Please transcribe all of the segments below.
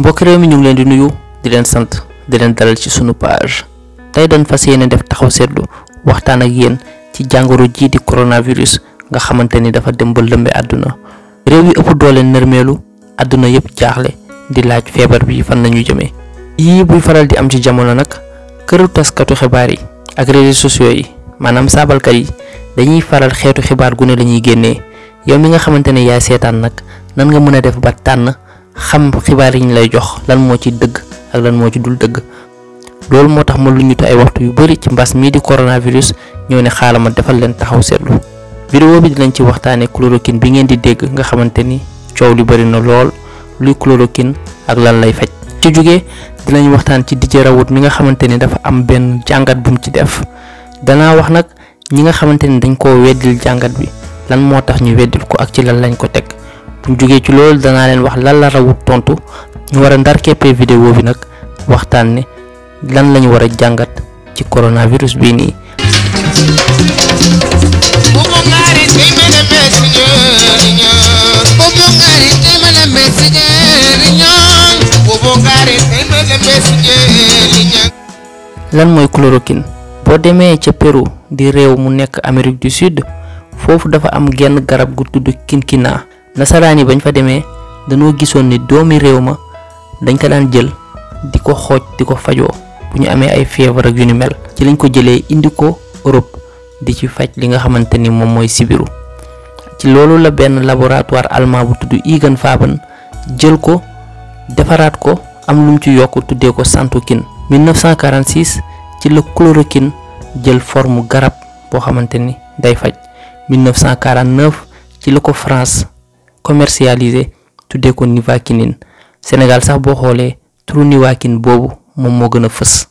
mbokki réew mi ñu ngi leen di nuyu di leen sant di leen dalal ci sunu page tey dañ fas yéene def taxaw seddu waxtaan ak yéen ci jàngoro jii di coronavirus nga xamante ni dafa dem ba lëmbe àdduna réew yi ëpp doole nërmeelu àdduna yépp jaaxle di laaj feebar bi fan nañu jëmee yii buy faral di am ci jamono nag këru taskatu xibaar yi ak réseaux sociaux yi maanaam saabalkat yi dañuy faral xeetu xibaar gu ne la ñuy génnee yow mi nga xamante ni yaay seetaan nag nan nga mën a def ba tànn xam xibaar yi ñu lay jox lan moo ci dëgg ak lan moo ci dul dëgg loolu moo tax ma lu ñu te ay waxtu yu bari ci mbas mii di coronavirus ñëw ne xaalama defal leen taxaw seetlu vidéo bi dinañ ci waxtaanee chloroquine bi ngeen di dégg nga xamante ni coow lu bari na lool luy chloroquine ak lan lay faj ci jóge dinañ waxtaan ci DJ rawut mi nga xamante ni dafa am benn jàngat bu ci def danaa wax nag ñi nga xamante ni dañ koo weddil jàngat bi lan moo tax ñu weddil ko ak ci lan lañ ko teg buñ jógee ci loolu danaa leen wax lan la rawut tontu ñu war ndar keppee vidéo bi nag waxtaan ne lan lañu war a jàngat ci coronavirus bii nii lan mooy chloroquine boo demee ca Pérou di réew mu nekk Amérique du Sud foofu dafa am genn garab gu tudd kinkina nasaraan yi bañ fa demee dañoo gisoon ni doomi réew ma dañ ko daan jël di ko xooj di ko fajoo bu ñu amee ay feebar ak yu ni mel ci lañ ko jëlee indi ko Europe di ci faj li nga xamante ni moom mooy sibiru ci loolu la benn laboratoire allemand bu tudd Egenfaben jël ko defaraat ko am lu ci yokk tuddee ko santukin 1946 ci la chloroquine jël formu garab boo xamante ni day faj 1949 ci la ko France commercialisé tuddee ko Nivaquine Sénégal sax boo xoolee turu Nivaquine boobu moom moo gën a fës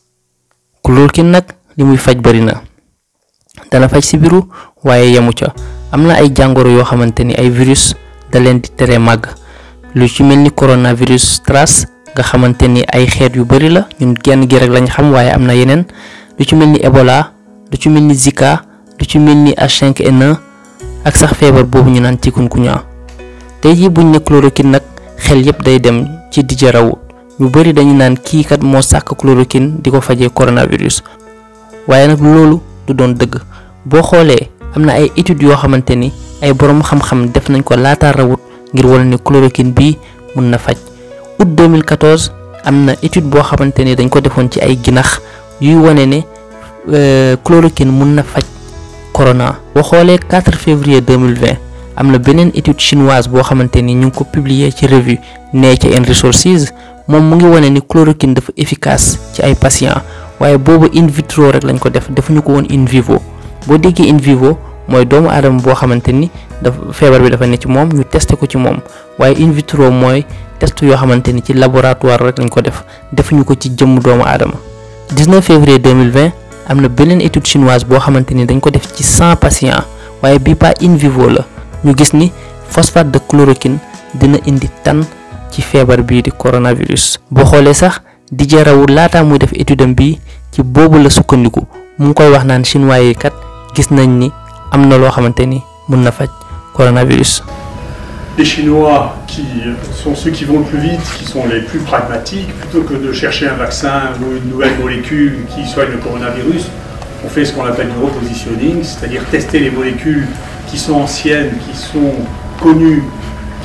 chloroquine nag li faj bari na dana faj si sibiru waaye yemu ca am na ay jàngoro yoo xamante ni ay virus da leen di tere màgg lu ci mel ni coronavirus trace nga xamante ni ay xeet yu bari la ñun genn gi lañ xam waaye am na yeneen lu ci mel ni Ebola lu ci mel ni Zika lu ci mel ni h 5 n ak sax feebar boobu ñu naan chikungunya tey jii buñ ne chloroquine nag xel yépp day dem ci Didier Raoult ñu bëri dañu naan kii kat moo sàkk chloroquine di ko fajee coronavirus waaye nag loolu du doon dëgg boo xoolee am na ay études yoo xamante ni ay boroom xam-xam def nañ ko laata rawut ngir wala ne chloroquine bii mun na faj août 2014 am na étude boo xamante ni dañ ko defoon ci ay ginax yuy wane ne euh, chloroquine mun na faj corona boo xoolee 4 février 2020 am na beneen étude chinoise boo xamante ni ñu ngi ko publier ci revue Nature and Resources moom mu ngi wane ni chloroquine dafa efficace ci ay patients waaye boobu in vitro rek lañ ko def defuñu ko woon in vivo boo déggee in mooy doomu aadama boo xamante ni dafa feebar bi dafa ne ci moom ñu testé ko ci moom waaye in vitro mooy test yoo xamante ni ci laboratoire rek lañ ko def defuñu ko ci jëmm doomu aadama 19 février 2020 am na beneen étude chinoise boo xamante ni dañ ko def ci 100 patients waaye bi par in vivo la. ñu gis ni phosphate de chloroquine dina indi tan ci feebar bii di coronavirus boo xoolee sax di jarawul laata muy def étude bi ci boobu la sukkandiku mu ngi koy wax naan chinois yi kat gis nañ ni am na loo xamante ni mun na faj coronavirus. Les Chinois, qui sont ceux qui vont le plus vite, qui sont les plus pragmatiques, plutôt que de chercher un vaccin ou une nouvelle molécule qui soigne le coronavirus, on fait ce qu'on appelle du repositioning, cest à qui sont anciennes, qui sont connues,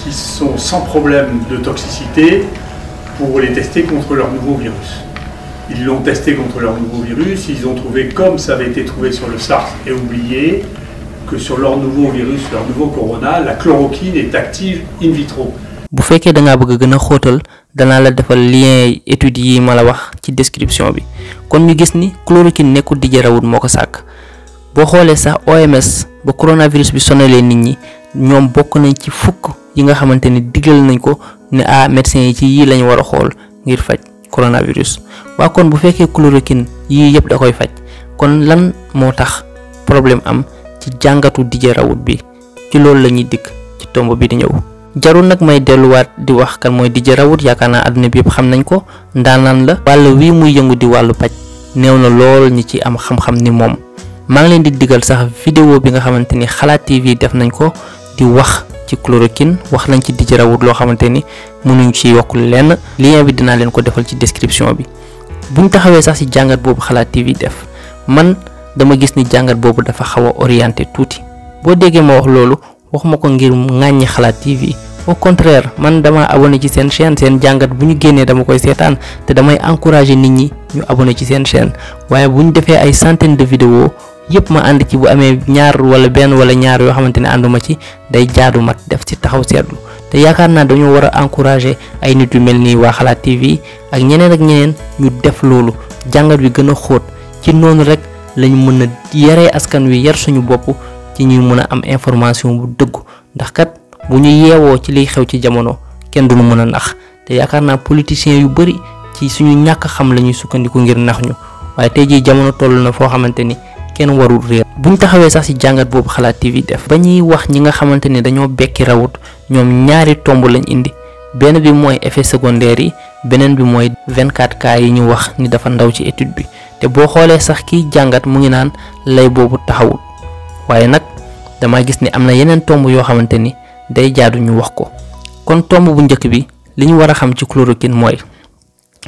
qui sont sans problème de toxicité pour les tester contre leur nouveau virus. Ils l'ont testé contre leur nouveau virus, ils ont trouvé, comme ça avait été trouvé sur le SARS et oublié, que sur leur nouveau virus, leur nouveau corona, la chloroquine est active in vitro. bu fekkee da ngaa bëgg a gën a xóotal danaa la defal lien études yi ma la wax ci description bi kon ñu gis ni chloroquine nekkul di jarawut moo ko sàkk boo xoolee sax OMS ba coronavirus bi sonalee nit ñi ñoom bokk nañ ci fukk yi nga xamante ni digal nañ ko ne ah médecin yi ci yii lañ war a xool ngir faj coronavirus waa kon bu fekkee chloroquine yii yëpp da koy faj kon lan moo tax problème am ci jàngatu DJ Raoult bi ci loolu la ñuy dikk ci tomb bi di ñëw. jarul nag may delluwaat di wax kan mooy DJ Raoult yaakaar naa àdduna bi yëpp xam nañ ko ndaanaan la wàll wii muy yëngu di wàllu paj néew na lool ñi ci am xam ni moom. maa ngi leen di digal sax vidéo bi nga xamante ni xalaat TV def nañ ko di wax ci chloroquine wax nañ ci di jarawut loo xamante ni mënuñ ci yokk lenn lien bi dinaa leen ko defal ci description bi bu ñu taxawee sax ci jàngat boobu xalaat TV def man dama gis ni jàngat boobu dafa xaw a orienté tuuti boo déggee ma wax loolu wax ma ko ngir ŋàññi xalaat TV au contraire man dama abonné ci seen chaîne seen jàngat bu ñu génnee dama koy seetaan te damay encourager nit ñi ñu abonné ci seen chaîne waaye bu ñu defee ay centaine de vidéos yëpp ma ànd ci bu amee ñaar wala benn wala ñaar yoo xamante ne ànduma ci day jaadu mat def ci taxaw seetlu te yaakaar naa dañoo war a encourager ay nit yu mel nii waa xalaat TV ak ñeneen ak ñeneen ñu def loolu jàngat bi gën a xóot ci noonu rek lañu mën a yaree askan wi yar suñu bopp ci ñuy mën a am information bu dëggu ndax kat bu ñu yeewoo ci liy xew ci jamono kenn du duñu mën a nax te yaakaar naa politiciens yu bëri ci suñu ñàkk xam la ñuy sukkandiku ngir nax ñu waaye tey jii jamono na foo xamante ni. kenn warul réer buñ taxawee sax ci jàngat boobu xalaat TV def ba ñuy wax ñi nga xamante ne dañoo bekki rawut ñoom ñaari tomb lañ indi benn bi mooy effet secondaire yi beneen bi mooy vingt 24 cas yi ñu wax ni dafa ndaw ci étude bi te boo xoolee sax kiy jàngat mu ngi naan lay boobu taxawul waaye nag dama gis ni am na yeneen tomb yoo xamante ni day jaadu ñu wax ko kon tomb bu njëkk bi li ñu war a xam ci chloroquine mooy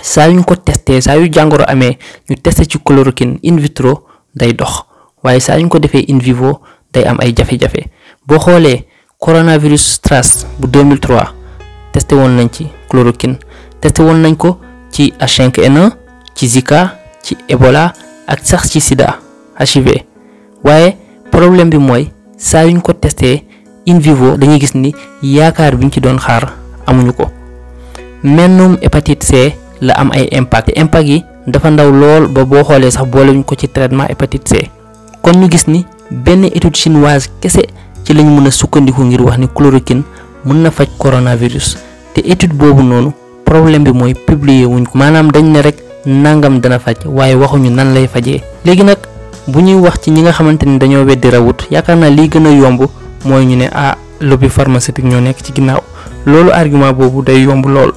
saa yu ñu ko testé saa yu jàngoro amee ñu testé ci chloroquine in vitro day dox waaye saa ñu ko defee in vivo day am ay jafe-jafe boo xoolee coronavirus SARS bu 2003 testé woon nañ ci chloroquine testé woon nañ ko ci h 5 ci Zika ci Ebola ak sax ci Sida HIV waaye problème bi mooy saa yuñ ko testé in vivo dañuy gis ni yaakaar biñ ci doon xaar amuñu ko mennum hépatite C la am ay impact impacte yi dafa ndaw lool ba boo xoolee sax boolewuñ ko ci traitement hépatite C kon ñu gis ni benn étude chinoise kese ci lañ mën a sukkandiku ngir wax ni chloroquine mën na faj coronavirus te étude boobu noonu problème bi mooy publier wuñ ko maanaam dañu ne rek nangam dana faj waaye waxuñu nan lay fajee léegi nag bu ñuy wax ci ñi nga xamante ni dañoo weddi rawut yaakaar naa liy gën a yomb mooy ñu ne ah lobby pharmaceutique ñoo nekk ci ginnaaw loolu argument boobu day yomb lool.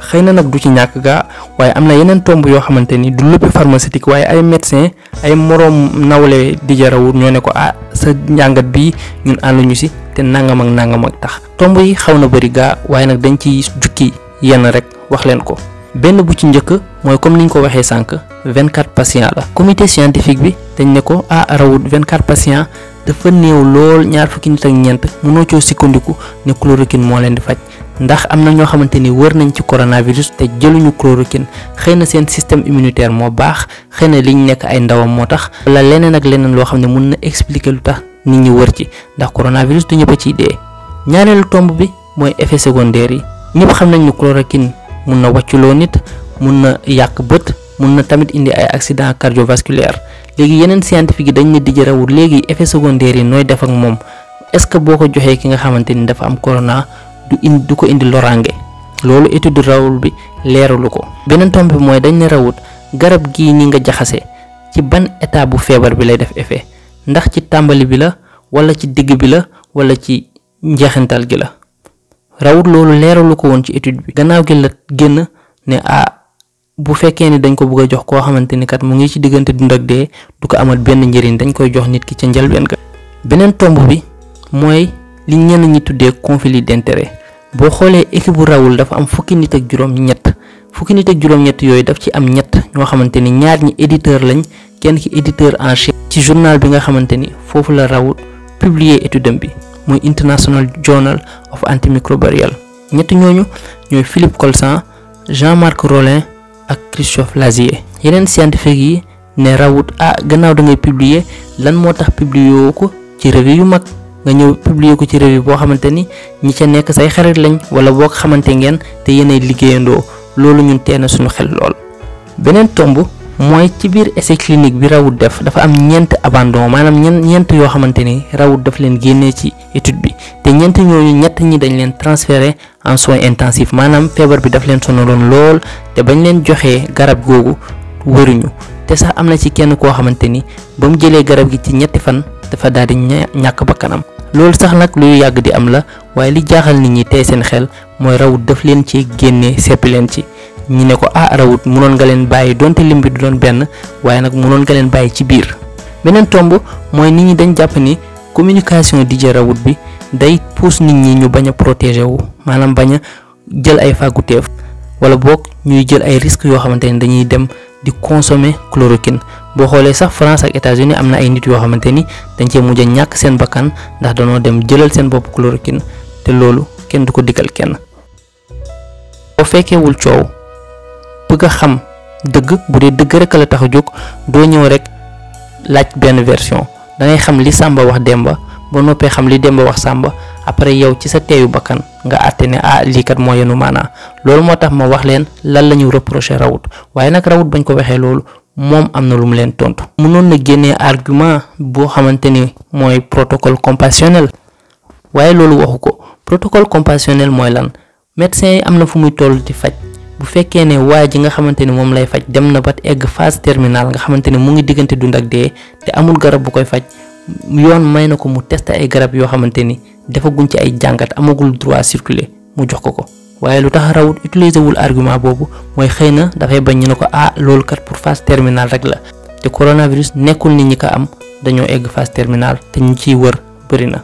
xëy na nag du ci ñàkk gaa waaye am na yeneen tomb yoo xamante ni du lobby pharmaceutique waaye ay médecin ay moroom nawle di jarawut ñoo ne ko ah sa njàngat bi ñun ànduñu si te nangam ak nangam ak tax tomb yi xaw na bëri gaa waaye nag dañ ci jukki yenn rek wax leen ko benn bu ci njëkk mooy comme niñ ko waxee sànq vingt quatre patients la comité scientifique bi dañ ne ko ah rawut vingt quatre patients dafa néew lool ñaar fukki nit ak ñeent mënoo coo sukkandiku ne chloroquine moo leen di faj ndax am na ñoo xamante ni wër nañ ci coronavirus te jëluñu chloroquine xëy na seen système immunitaire moo baax xëy na liñ nekk ay ndawam moo tax wala leneen ak leneen loo xam ne mun na expliquer lu tax nit ñi wër ci ndax coronavirus du ñëpp a ciy dee ñaareelu tomb bi mooy effet secondaire yi xam nañ ne chloroquine mun na wàcculoo nit mun na yàq bët mun na tamit indi ay accident cardiovasculaire léegi yeneen scientifique yi dañ ne dijarawul léegi effet secondaire yi nooy def ak moom est-ce que boo ko joxee ki nga xamante ni dafa am corona du indi du ko indi loraange loolu étude rawul bi leeralu ko beneen tomb bi mooy dañ ne rawut garab gii ni nga jaxase ci ban état bu feebar bi lay def effet ndax ci tàmbali bi la wala ci digg bi la wala ci njeexintal gi la rawut loolu leeralu ko woon ci étude bi gannaaw gi la génn ne ah bu fekkee ni dañ ko bëgg a jox koo xamante ni kat mu ngi ci diggante dund ak dee du ko amal benn njëriñ dañ koy jox nit ki ca njëlbeen ga beneen tomb bi mooy li ñenn ñi tuddee conflit d'intérêt boo xoolee équipe bu rawul dafa am fukki nit ak juróom-ñett fukki nit ak yooyu daf ci am ñett ñoo xamante ni ñaar ñi éditeur lañ kenn ki éditeur en chef ci journal bi nga xamante ni foofu la rawut publier étude am bi. muy International Journal of Antimicrobial ñetti ñooñu ñooy Philippe Colson Jean-Marc Rolin ak Christophe Lazier yeneen scientifique yi ne rawut ah gannaaw da ngay publier lan moo tax publier ko ci revue yu mag nga ñëw publier ko ci revue boo xamante ni ñi ca nekk say xarit lañ wala boo xamante ngeen te yéenay liggéeyandoo loolu ñun tee na suñu xel lool mooy ci biir essai clinique bi rawut def dafa am ñeent abandon maanaam ñen ñeent yoo xamante ni rawut daf leen génnee ci étude bi te ñeent ñooñu ñett ñi dañ leen transféré en soins intensifs maanaam feebar bi daf leen sonaloon lool te bañ leen joxee garab googu wëruñu te sax am na ci kenn koo xamante ni ba mu jëlee garab gi ci ñetti fan dafa daal di ñàkk bakkanam loolu sax nag luy yàgg di am la waaye li jaaxal nit ñi tey seen xel mooy rawut daf leen ci génnee seppi leen ci ñi ne ko ah rawut munoon nga leen bàyyi donte lim bi du doon benn waaye nag munoon nga leen bàyyi ci biir beneen tomb mooy nit ñi dañ jàpp ni communication DJ Rawout bi day pousse nit ñi ñu bañ a protéger wu maanaam bañ jël ay fàgguteef wala boog ñuy jël ay risques yoo xamante ni dañuy dem di consommer chloroquine boo xoolee sax France ak états am na ay nit yoo xamante ni dañ cee mujj ñàkk seen bakkan ndax dañoo dem jëlal seen bopp chloroquine te loolu kenn du ko digal kenn. boo fekkeewul coow. bëgg a xam dëgg bu dee dëgg rek la tax a jóg doo ñëw rek laaj benn version da ngay xam li Samba wax Demba ba noppee xam li Demba wax sàmba après yow ci sa teeyu bakkan nga àtte ne ah lii kat moo yenu maanaa loolu moo tax ma wax leen lan la ñu reproché rawut waaye nag rawut bañ ko waxee loolu moom am na lu mu leen tontu. mënoon na génnee argument boo xamante ni mooy protocole compassionnel waaye loolu waxu ko protocole compassionnel mooy lan médecin yi am na fu muy toll di faj. bu fekkee ne waa ji nga xamante ni moom lay faj dem na ba egg phase terminale nga xamante ni mu ngi diggante dund ak dee te amul garab bu koy faj yoon may na ko mu tester ay garab yoo xamante ni defaguñ ci ay jàngat amagul droit circuler mu jox ko ko waaye lu tax rawut utiliser wul argument boobu mooy xëy na dafay bañ ñu ne ko ah loolu kat pour phase terminal rek la te coronavirus nekkul ni ñi ko am dañoo egg phase terminale te ñu ciy wër bëri na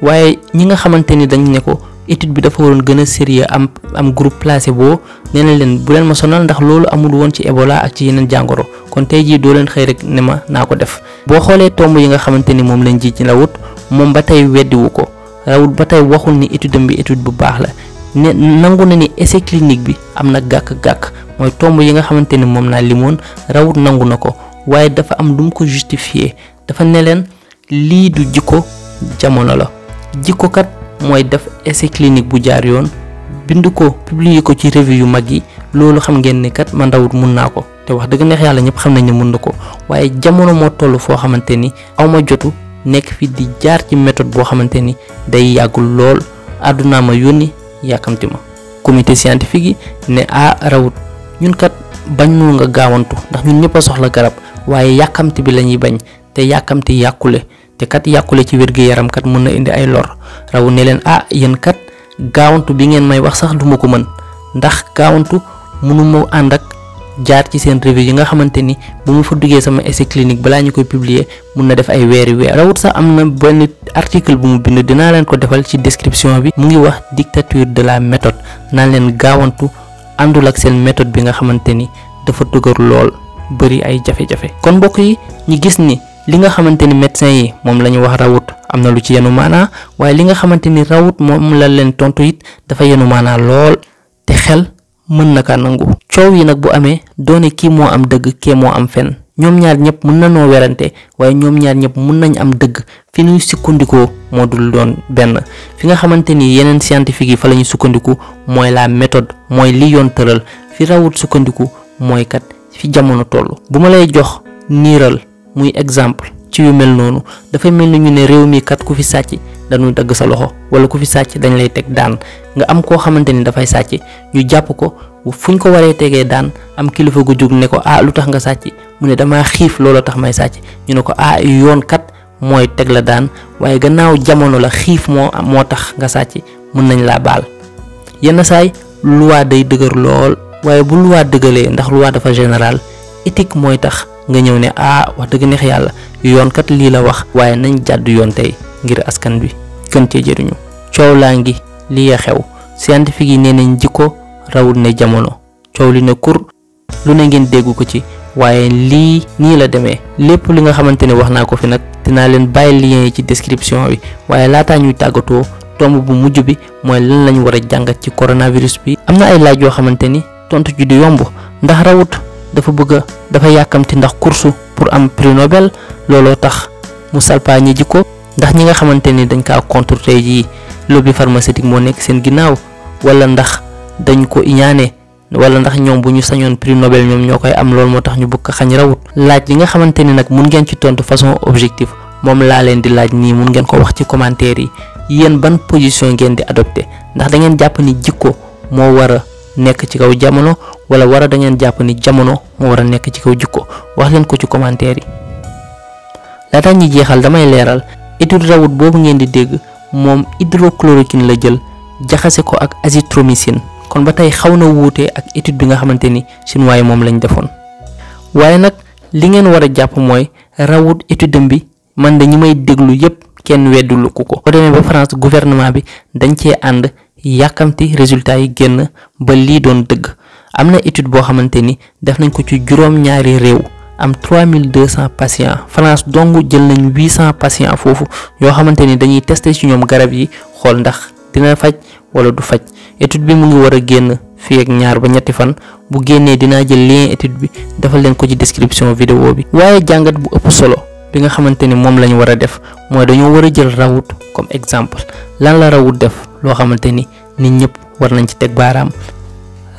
waaye ñi nga xamante ni dañ ne ko étude bi dafa waroon gën a sérieux am am groupe placebo nee na leen bu leen ma sonal ndax loolu amul woon ci Ebola ak ci yeneen jàngoro kon tey jii doo leen xëy rek ne ma naa ko def boo xoolee tomb yi nga xamante ni moom lañ ji ci rawut moom ba tey weddiwu ko rawut ba tey waxul ni étude bi étude bu baax la ne nangu na ni bi am na gàkk-gàkk mooy tomb yi nga xamante ni moom naa limoon rawut nangu na ko waaye dafa am lu mu ko justifié dafa ne leen lii du jikko jamono la jikko mooy def essai clinique bu jaar yoon bind ko publier ko ci revue yu mag yi loolu xam ngeen ne kat man ndawut mun naa ko te wax dëgg neex yàlla ñëpp xam nañ ne mun na ko waaye jamono moo toll foo xamante ni awma jotu nekk fi di jaar ci méthode boo xamante ni day yàggul lool àddunaa ma yónni yàkkamti ma comité scientifique yi ne a rawut ñun kat bañ nu nga gaawantu ndax ñun ñëpp soxla garab waaye yàkkamti bi lañuy bañ te yàkkamti yàkkule te kat yàqule ci wér-gi-yaram kat mën na indi ay lor raw ne leen ah yéen kat gaawantu bi ngeen may wax sax duma ko mën ndax gaawantu mënuma ànd ak jaar ci seen revue yi nga xamante ni bu ma fa duggee sama essai balaa ñu koy publier mun na def ay weer sax am na benn article bu mu bind dinaa leen ko defal ci description bi mu ngi wax dictature de la méthode naa leen gaawantu àndul ak seen méthode bi nga xamante ni dafa dëgër lool bëri ay jafe-jafe kon mbokk yi ñu gis ni li nga xamante ni médecin yi moom la ñu wax rawut am na lu ci yenu maanaa waaye li nga xamante ni rawut moom la leen tontu it dafa yenu maanaa lool te xel mën na kaa nangu coow yi nag bu amee doone kii moo am dëgg kee moo am fen ñoom ñaar ñëpp mën na noo werante waaye ñoom ñaar ñëpp mën nañ am dëgg fi ñuy sukkandikoo moo dul doon benn fi nga xamante ni yeneen scientifique yi fa la ñu sukkandiku mooy la méthode mooy li yoon tëral fi rawut sukkandiku mooy kat fi jamono toll bu ma lay jox niiral muy exemple ci yu mel noonu dafay mel ni ñu ne réew mii kat ku fi sàcc dañu dagg sa loxo wala ku fi sàcc dañ lay teg daan nga am koo xamante ni dafay sàcc ñu jàpp ko fuñ ko waree tegee daan am kilifa gu jóg ne ko ah lu tax nga sàcc mu ne damaa xiif looloo tax may sàcc ñu ne ko ah yoon kat mooy teg la daan waaye gannaaw jamono la xiif moo moo tax nga sàcc mën nañ laa baal yenn saay luwaa day dëgër lool waaye bu luwaa dëgalee ndax luwaa dafa général éthique mooy tax nga ñëw ne ah wax dëgg neex yàlla yoon kat lii la wax waaye nañ jàdd yoon tey ngir askan bi gën cee jëriñu coow laa ngi lii ya xew scientifique yi nee nañ jikko rawul ne jamono coow li ne kur lu ne ngeen dégg ko ci waaye lii nii la demee lépp li nga xamante ne wax naa ko fi nag dinaa leen bàyyi lien yi ci description bi waaye laataa ñuy tàggatoo tomb bu mujj bi mooy lan lañ war a jàngat ci coronavirus bi am na ay laaj yoo xamante ni tontu ju di yomb dafa bëgg a dafa yàkkamti ndax kursu pour am prix Nobel looloo tax mu salpaañe ji ko ndax ñi nga xamante ni dañ kaa contre tey jii lobby pharmaceutique moo nekk seen ginnaaw wala ndax dañ ko iñaane walla ndax ñoom bu ñu sañoon prix Nobel ñoom ñoo koy am lool moo tax ñu bëgg ko xañ rawut laaj yi nga xamante ni nag mun ngeen ci tontu façon objectif moom laa leen di laaj nii mun ngeen ko wax ci commentaire yi yéen ban position ngeen di adopté ndax da nekk ci kaw jamono wala war a da ngeen jàpp ni jamono moo war a nekk ci kaw jikko wax leen ko ci commentaire yi laata ñi jeexal damay leeral étude rawut boobu ngeen di dégg moom hydrochloroquine la jël jaxase ko ak azithromycine kon ba tey xaw na wuute ak étude bi nga xamante ni chinois yi moom lañ defoon waaye nag li ngeen war a jàpp mooy rawut étude bi man de may déglu yépp kenn weddulu ko ko. boo demee ba France gouvernement bi dañ cee ànd. yàkkamti résultat yi génn ba lii doon dëgg am na étude boo xamante ni def nañ ko ci juróom-ñaari réew am 3200 patients France dong jël nañ 800 patients foofu yoo xamante ni dañuy teste ci ñoom garab yi xool ndax dina faj wala du faj étude bi mu ngi war a génn fii ak ñaar ba ñetti fan bu génnee dinaa jël lien étude bi defal leen ko ci description vidéo bi waaye jàngat bu ëpp solo bi nga xamante ni moom lañu war a def mooy dañoo war a jël rawut comme nit ñëpp war nañ ci teg baaraam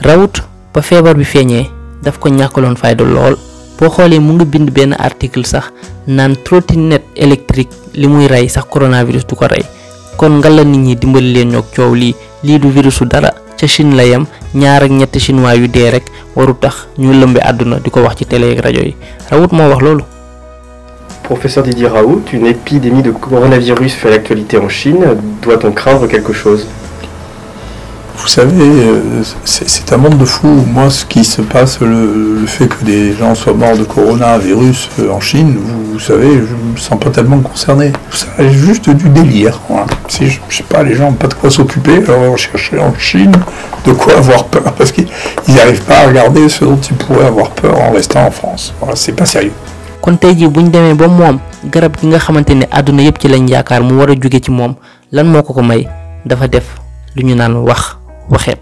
rawut ba feebar bi feeñee daf ko ñàkkaloon fayda lool boo xoolee mu ngi bind benn article sax naan trottinette électrique li muy rey sax coronavirus du ko rey kon nga la nit ñi dimbali leen ñoog coow lii lii du virusu dara ca Chine la yem ñaar ak ñetti chinois yu dee rek waru tax ñu lëmbe àdduna di ko wax ci télé rajo yi Raoult moo wax loolu. Professeur Didier Raoult, une épidémie de coronavirus fait l'actualité en Chine. Vous savez, euh, c'est un monde de fous. Moi, ce qui se passe, le, fait que des gens soient morts de coronavirus euh, en Chine, vous, vous savez, je me sens pas tellement concerné. C'est juste du délire. Si, je, sais pas, les gens pas de quoi s'occuper, alors on en Chine de quoi avoir peur, parce qu'ils n'arrivent pas à regarder ce dont ils pourraient avoir peur en restant en France. Voilà, c'est pas sérieux. kon tey jii bu ñu demee ba moom garab gi nga xamante ni àdduna yëpp ci lañ yaakaar mu war jóge ci moom lan moo ko may dafa def lu ñu naan wax waxeet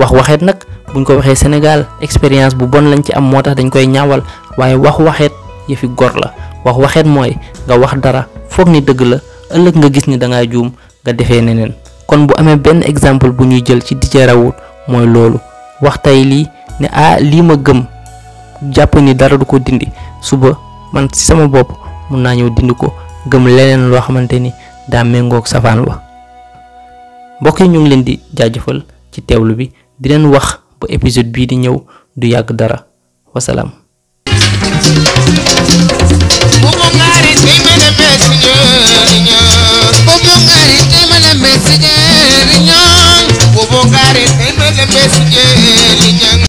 wax waxeet nag buñ ko waxee Sénégal expérience bu bon lañ ci am moo tax dañ koy ñaawal waaye wax waxeet yëfi gor la wax waxeet mooy nga wax dara foog ni dëgg la ëllëg nga gis ni da juum nga defee neneen kon bu amee benn exemple bu ñuy jël ci DJ Raoult mooy loolu wax tey lii ne ah lii ma gëm jàpp ni dara du ko dindi suba man ci sama bopp mun naa ñëw dindi ko gëm leneen loo xamante ni daa méngoog safaan wa ci teewlu bi di leen wax ba épisode bii di ñëw du yàgg dara wasalaam.